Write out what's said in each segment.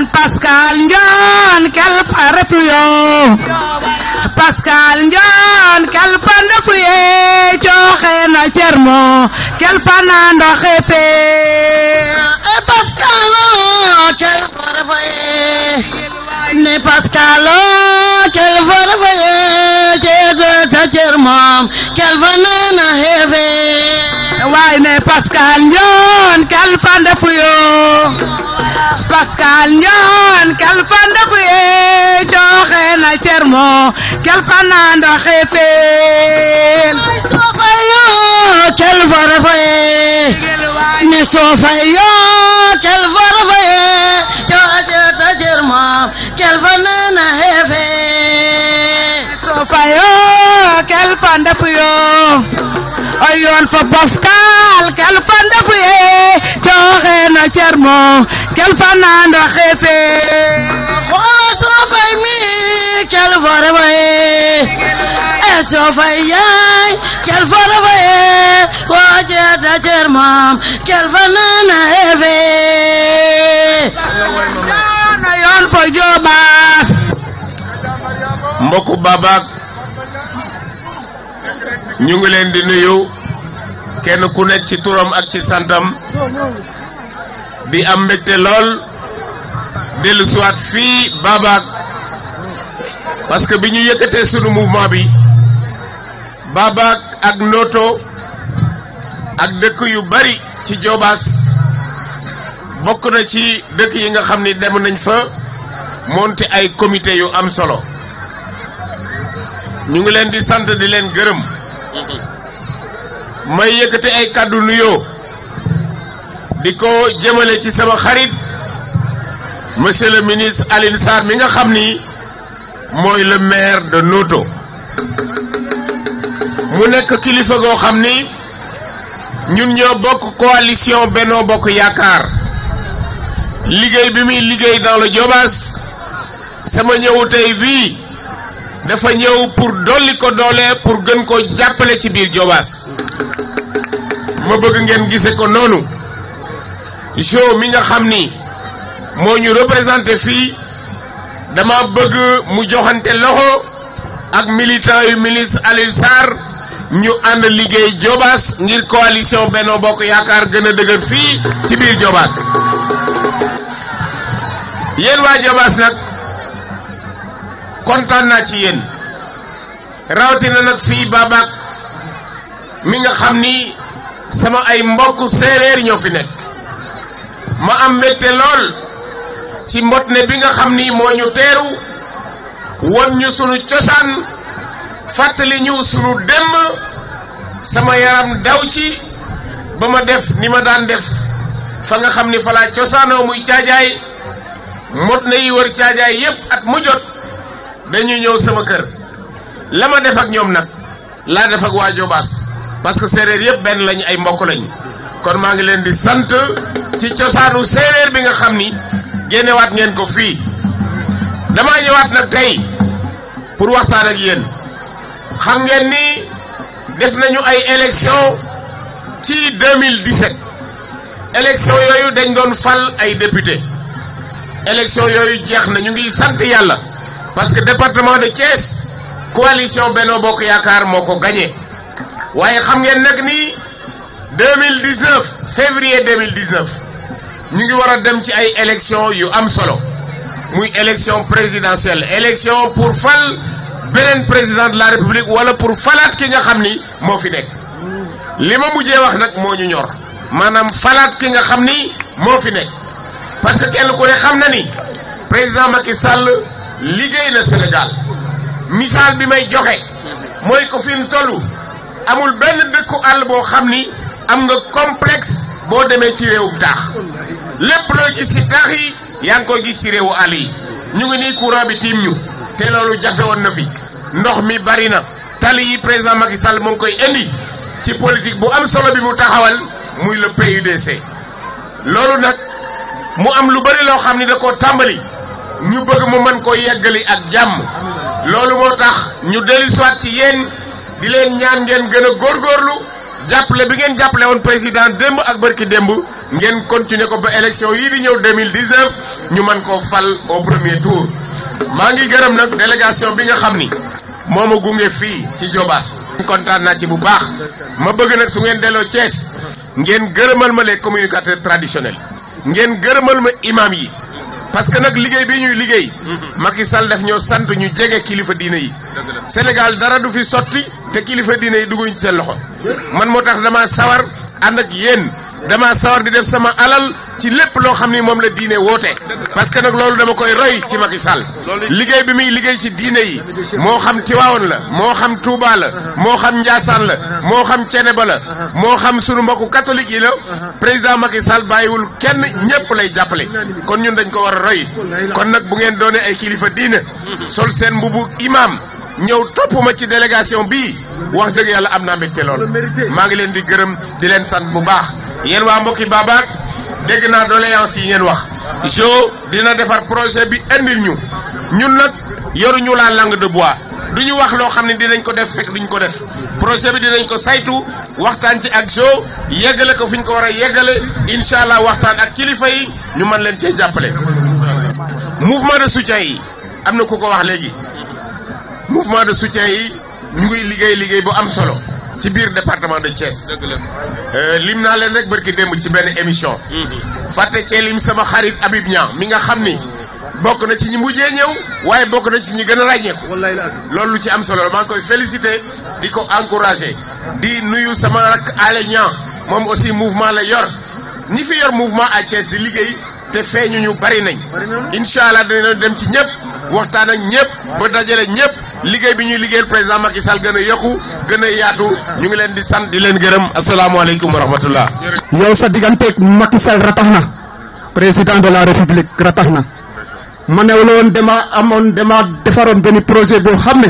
ngaan Pascal Njoon kel fa refu Njoon kel fa cooxe na cermo kel fa na ndoxe fee kel fa ne Pascal njoon kel fa ndaf yee joxe na cermo kel fa naa ndoxe feel soofa yoo kel fa rafa yee ni soofa yoo kel fa rafa yee joxe ta cermo kel fa naa na heefe soofa yoo kel fa ndaf yoo oyoon fa boskaal kel fa ndaf yee joxe na cermo الفنان رخيفي خلاص رفيمي كالفرفي اسوفي كالفرفي وجد جرمام كالفنان هيفي انا ينفي جوباس mbokku babaak ñu ngi leen di nuyu kenn ku nekk ci turam ak ci santam bi am mbégte lool dellu siwaat fii Baabaak parce que bi ñu yëkkatee sunu mouvement bi Baabaak ak Noto ak dëkk yu bari ci Jobaas bokk na ci dëkk yi nga xam ni dem nañ fa moonte ay comité yu am solo ñu ngi leen di sant di leen gërëm mm-hmm. may yëkkate ay kàddu nuyoo di ko jëmale ci sama xarit monsieur le ministre Alioune mi nga xam ni mooy le maire de Noto mu nekk kilifa goo xam ni ñun ñoo bokk coalition Benno Bokk Yaakaar liggéey bi muy liggéey dans le sama ñëwu tey dafa ñëw pour dolli ko doole pour gën ko jàppale ci biir Diobass ma bëgg ngeen gise ko noonu jo mi nga xam ni moo ñu représenté fii dama bëgg mu joxante loxo ak militant ministre Alioune Sarr ñu ànd liggéey Diobass ngir coalition benn Bokk Yaakaar gën dëgër fii ci biir Diobass yéen waa Diobass nag kontaan naa ci yéen rawatina nag fii Babac mi nga xam ni sama ay mbokk séeréer ñoo fi nekk ma am mbégte lool ci mbot ne bi nga xam ni moo ñu teeru won ñu sunu cosaan fàttali ñu sunu démb sama yaram daw ci ba ma def ni ma daan def fa nga xam ni fa cosaanoo muy caajaay mbot ne yi wër caajaay yépp ak mu jot dañuy ñëw sama kër la ma def ak ñoom nag laa def ak waa Jobaas parce que séeréer yépp benn lañu ay mbokk lañu kon maa ngi leen di sant ci ciosanu seer bi nga xamni gene wat ngeen ko fi dama ñewat nak tay pour waxtaan ak yeen xam ngeen ni def nañu ay election ci 2017 election yoyu dañ doon fal ay député election yoyu jeex na ñu ngi sante yalla parce que département de Thiès coalition beno bok yakar moko gagné waye xam ngeen nak ni 2019 février 2019 ñu ngi war a dem ci ay élection yu am solo muy élection présidentielle élection pour fal beneen président de la république wala pour falaat ki nga xam ni moo fi nekk li ma mujjee wax nag moo ñu ñor maanaam falaat ki nga xam ni moo fi nekk parce que kenn ku ne xam na ni président Macky Sall liggéey na Sénégal misaal bi may joxe mooy ko fi mu toll amul benn dëkku àll boo xam ni am nga complexe. boo demee ci réewu taax lépp loo gis ci taax yi yaa ngi koy gis ci réewu àll yi ñu ngi nii courant bi tiim ñu te loolu jafe woon na fi ndox mi bari na tali yi président Macky Sall mu ngi koy indi ci politique bu am solo bi mu taxawal muy le PUDC loolu nag mu am lu bari loo xam ni da koo tàmbali ñu bëgg mu mën koo yeggali ak jàmm loolu moo tax ñu dellu soit ci yéen di leen ñaan ngeen gën a góorgóorlu jappelé bi ngeen jappelé won président démb ak barki démb ngeen continuer ko ba élection yi di ñew 2019 ñu man ko fal au premier tour ma ngi gërëm nak délégation bi nga xamni moma gungé fi gunge fii ci Diobass kontaan naa ci bu baax ma bëgg nak su ngeen délo Thiès ngeen gërëmal ma les communicateurs traditionnels ngeen gërëmal ma imam yi parce que nak bi ñuy Macky Sall def ñoo sant ñu jégué kilifa diiné yi Sénégal dara du fi sotti te kilifa diiné yi duguñ ci loxo man moo tax dama sawar ànd ak yéen dama sawar di def sama alal ci lépp loo xam ni moom la diine woote parce que nag loolu dama koy roy ci Macky Sall liggéey bi muy liggéey ci diine yi moo xam Tiwaawan la moo xam Touba la moo xam Njaasaan la moo xam Ceneba la moo xam sunu mbokku catholique yi la président Macky Sall bàyyiwul kenn ñëpp lay jàppale kon ñun dañ ko war a roy kon nag bu ngeen doonee ay kilifa diine sol seen mbubu imam ñew topp ma ci délégation bi wax deug yalla amna naa lool ma ngi len di gërëm di len sant bu baax yeen wa mbokki baabaak dégg na doléance yi ñen wax jo dina défar projet bi andil ñu ñun yoru ñu la langue de bois duñu wax lo xamni dinañ ko def fek duñ ko def projet bi dinañ ko saytu waxtaan ci ak jo yeggale ko fuñ ko wara yeggale incha allah waxtaan ak kilifa yi ñu man len ci jappalé mouvement de soutien yi amna ko ko wax légui mouvement de soutien yi ñu ngi liggéey liggéey bu am solo ci biir département de Thiès. Euh, lim naa leen rek barki démb ci benn émission. Mm-hmm. fàtte cee lim sama xarit Habib Niang mi nga xam ni. bokk na ci ñi mujjee ñëw waaye bokk na ci ñi gën a ràññeeku. loolu lu ci am solo la maa ngi koy félicité di ko encouragé di nuyu sama rakk Alé Niang moom aussi mouvement la yor ñi fi yor mouvement à Thiès di liggéey. te feeñu ñu bari nañ incha allah dina dem ci ñëpp waxtaan ak ñëpp ba dajale ñëpp liggéey bi ñuy liggéeyal président Macky Sall gën a yokku gën a yaatu ñu ngi leen di sant di leen gërëm asalaamaaleykum wa rahmatullah. yow sa digganteeg Macky Sall ratax na président de la république ratax na ma new la woon dama amoon dama defaroon benn projet boo xam ne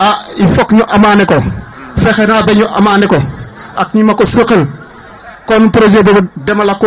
ah il faut ñu amaane ko fexe naa ba ñu amaane ko ak ñu ma ko sëqal kon projet boobu dama la ko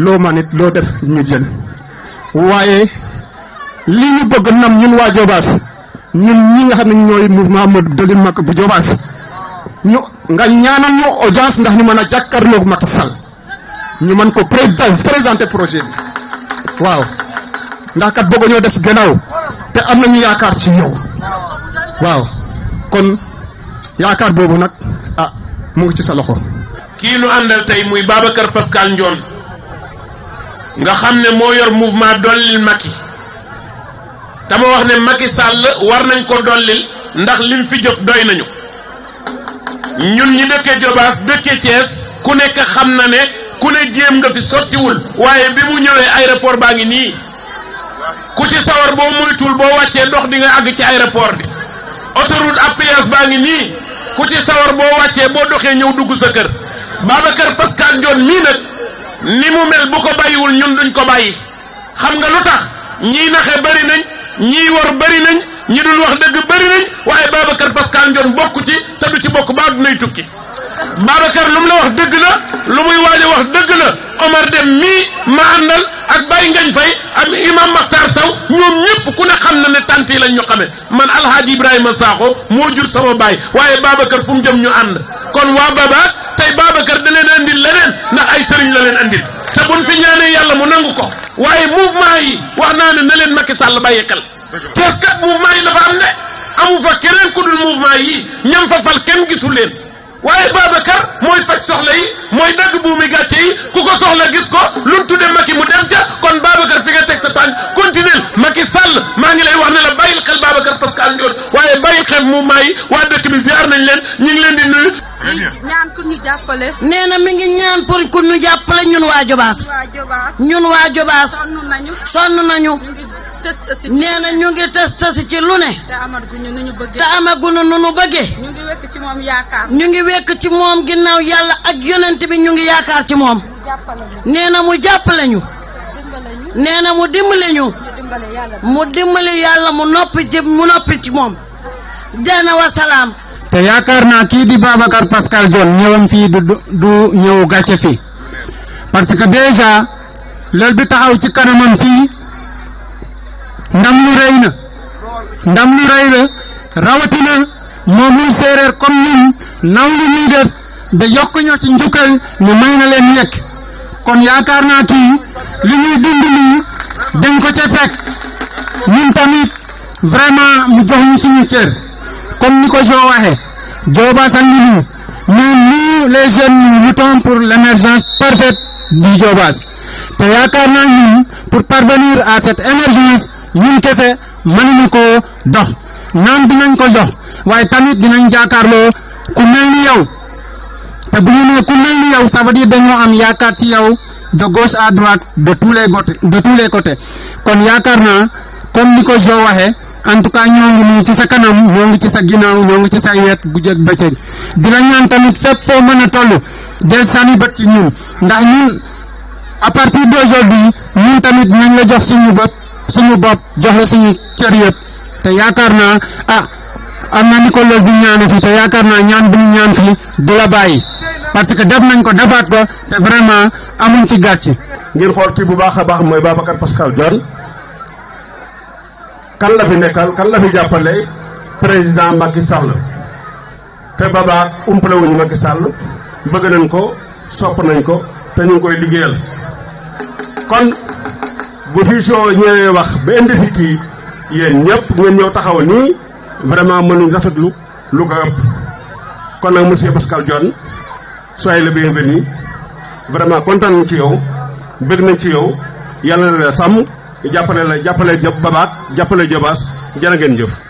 loo man it loo def ñu jël waaye lii ñu bëgg nam ñun waa Jobaas ñun ñi nga xam ne ñooy mouvement Maguette Macky bu Jobaas ñu nga ñaanal ñu audience ndax ñu mën a jàkkaarloog Macky Sall ñu mën ko présenter projet waaw ndax kat bëgg ñoo des gannaaw te am nañu yaakaar ci yow waaw kon yaakaar boobu nag ah mu ngi ci sa loxo. kii lu àndal tey muy Babacar Pascal Ndione. nga xam ne moo yor mouvement dollil Macky dama wax ne Macky Sall war nañ ko dollil ndax lim fi jëf doy nañu ñun ñi dëkkee Jobaas dëkkee Thiès ku nekk xam na ne ku ne jéem nga fi sottiwul waaye bi mu ñëwee aéroport baa ngi nii ku ci sawar boo moytuwul boo wàccee dox di nga àgg ci aéroport bi autoroute à péage baa ngi nii ku ci sawar boo wàccee boo doxee ñëw dugg sa kër Babacar Pascal Dione mii nag. ni mu mel bu ko bàyyiwul ñun duñ ko bàyyi xam nga lu tax ñiy naxe bari nañ ñiy war bari nañ ñi dul wax dëgg bari nañ waaye Babacar Pascal Ndione bokk ci te du ci bokk ba dunay tukki Babacar lu mu la wax dëgg la lu muy waaj a wax dëgg la Omar Dem mii ma àndal ak Baye Ngañ Fay ak Imam Makhtar Sow ñoom ñëpp ku ne xam na ne tant yi lañ ñu xamee man Alhaji Ibrahima Sakho moo jur sama baay waaye Babacar fu mu jëm ñu ànd kon waa Baba tey Babacar da leen a andil leneen ndax ay sëriñ la leen andil te buñ fi ñaanee yàlla mu nangu ko waaye mouvement yi wax naa ne na leen Macky Sall bàyyi xel parce que mouvement yi dafa am ne amu fa keneen ku dul mouvement yi ñam fa fal kenn gisu leen waaye Babacar mooy faj soxla yi mooy dagg buumi gàcce yi ku ko soxla gis ko lu tudde Macky mu dem kon Babacar fi nga teg sa tànk continuel Macky Sall maa ngi lay wax ne la bàyyil xel Babacar parce que am yoon waaye bàyyil xel mouvement yi waa dëkk nañ leen ñu ngi leen di jàppale. nee na mi ngi ñaan pour ku ñu jàppale ñun waa Jobaas. ñun waa Jobaas. sonn nañu. sonn nañu. nee na ñu ngi testasi ci lu ne. te amaguñu nu ñu bëggee. te amaguñu nu ñu bëggee. ñu ngi wekk ci moom yaakaar. ñu ngi wekk ci moom ginnaaw yàlla ak yonent bi ñu ngi yaakaar ci moom. nee na mu jàppale ñu. nee na mu dimbale ñu. mu dimbale yàlla mu noppi ci mu noppi ci moom. dana wasalaam. te yaakaar naa kii di Babacar Pascal Dione ñëwam fii du du ñëw gàcce fii parce que déjà lël bi taxaw ci kanamam fii ndam lu rëy na ndam lu rëy la rawatina moomul séeréer comme ñun naw lu ñuy def ba yokk ñoo ci njukkal ñu may na leen ñekk kon yaakaar naa kii li ñuy dund nii dañ ko ca fekk ñun tamit vraiment mu jox ñu suñu cër. comme ni ko Jo waxee Dioba sangi ni mais nous les jeunes nous luttons pour l'émergence parfaite du jobas te yakar na ni pour parvenir à cette émergence ñun kese mënuñu ko dox nan dinañ ko dox waye tamit dinañ jakarlo ku mel ni yow te bu ñu nee ku mel ni yow ça veut dire dañu am yakar ci yow de gauche à droite de tous les côtés de tous les côtés kon yaakaar naa comme ni ko Jo waxe en tout cas ñoo ngi nii ci sa kanam moo ngi ci sa ginnaaw moo ngi ci sa wet guddeeg bëccëg di la ñaan tamit fépp foo mën a toll del sànni bët ci ñun ndax ñun à partir d'aujourd'hui ñun tamit nañ la jox suñu bopp suñu bopp jox la suñu cër yëpp te yaakaar naa ah am na ni ko loolu bu ñaan fi te yaakaar naa ñaan bu ñu ñaan fi du la bàyyi parce que def nañ ko defaat ko te vraiment amuñ ci gàcc. ngir xool kii bu baax a baax mooy Babacar Pascal Dione. kan la fi nekkal kan la fi jàppale président Macky Sall te baba umple wuñu Macky Sall bëgg nañ ko sopp nañ ko te ñu ngi koy liggéeyal kon bu fi soo ñëwee wax ba indi fi kii yéen ñëpp ngeen ñëw taxaw nii vraiment mënuñ rafetlu lu ko ëpp kon nag monsieur Pascal John soyez le bienvenu vraiment content nañ ci yow bëgg nañ ci yow yàlla na la sàmm jàppale la jàppale jë babaat jàppale jëbaas jërë ngeen jëf